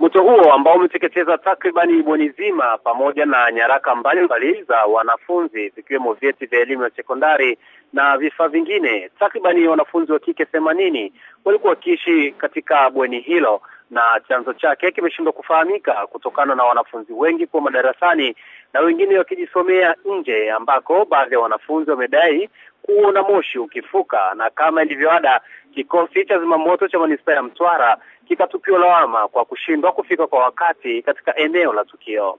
Moto huo ambao umeteketeza takribani bweni zima pamoja na nyaraka mbalimbali za wanafunzi vikiwemo vyeti vya elimu ya sekondari na vifaa vingine. Takribani wanafunzi wa kike themanini walikuwa wakiishi katika bweni hilo na chanzo chake kimeshindwa kufahamika kutokana na wanafunzi wengi kuwa madarasani na wengine wakijisomea nje, ambako baadhi ya wanafunzi wamedai kuona moshi ukifuka. Na kama ilivyoada, kikosi cha zimamoto cha manispaa ya Mtwara kikatupiwa lawama kwa kushindwa kufika kwa wakati katika eneo la tukio.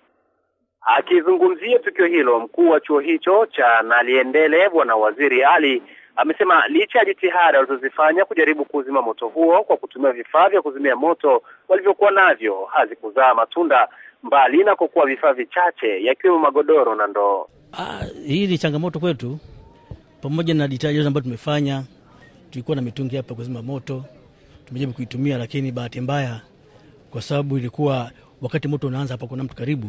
Akizungumzia tukio hilo, mkuu wa chuo hicho cha Naliendele Bwana Waziri Ali Amesema licha ya jitihada walizozifanya kujaribu kuzima moto huo kwa kutumia vifaa vya kuzimia moto walivyokuwa navyo hazikuzaa matunda, mbali na kukuwa vifaa vichache yakiwemo magodoro na ndoo. Ah, hii ni changamoto kwetu. Pamoja na jitihada ambayo tumefanya, tulikuwa na mitungi hapa kuzima moto, tumejaribu kuitumia, lakini bahati mbaya, kwa sababu ilikuwa wakati moto unaanza hapa, kuna mtu karibu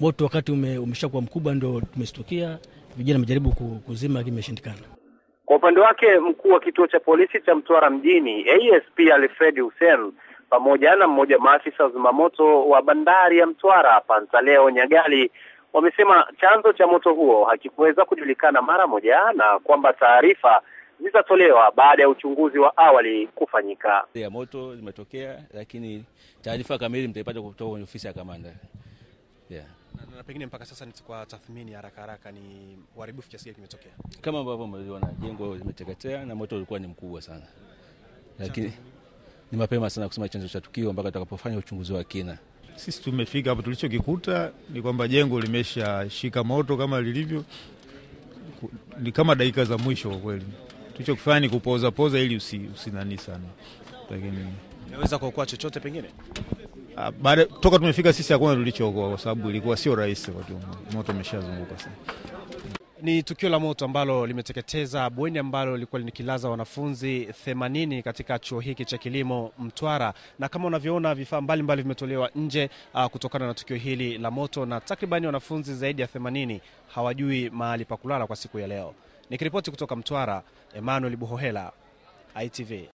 moto, wakati ume, umeshakuwa mkubwa, ndo tumestukia vijana amejaribu kuzima, lakini imeshindikana. Kwa upande wake mkuu wa kituo cha polisi cha Mtwara mjini ASP Alfred Hussein pamoja na mmoja maafisa wa zimamoto wa bandari ya Mtwara Pantaleo Nyagali wamesema chanzo cha moto huo hakikuweza kujulikana mara moja na kwamba taarifa zitatolewa baada ya uchunguzi wa awali kufanyika. Ya moto zimetokea, lakini taarifa kamili mtaipata kutoka kwenye ofisi ya kamanda yeah na, na pengine mpaka sasa kwa tathmini haraka haraka ni uharibifu kiasi gani kimetokea? Kama ambavyo mliona jengo limeteketea na moto ulikuwa ni mkubwa sana, lakini ni mapema sana kusema chanzo cha tukio mpaka tutakapofanya uchunguzi wa kina. Sisi tumefika hapo, tulichokikuta ni kwamba jengo limeshashika moto kama lilivyo, ni kama dakika za mwisho kwa kweli. Tulichokifanya ni kupoza poza ili usinani usi sana, lakini naweza kuokoa chochote pengine Ah, baada toka tumefika sisi hakuna tulichookoa, kwa sababu ilikuwa sio rahisi, watu moto umeshazunguka sana. Ni tukio la moto ambalo limeteketeza bweni ambalo lilikuwa likilaza wanafunzi 80 katika chuo hiki cha kilimo Mtwara, na kama unavyoona vifaa mbalimbali vimetolewa nje uh, kutokana na tukio hili la moto, na takribani wanafunzi zaidi ya 80 hawajui mahali pa kulala kwa siku ya leo. Nikiripoti kutoka Mtwara, Emmanuel Buhohela, ITV.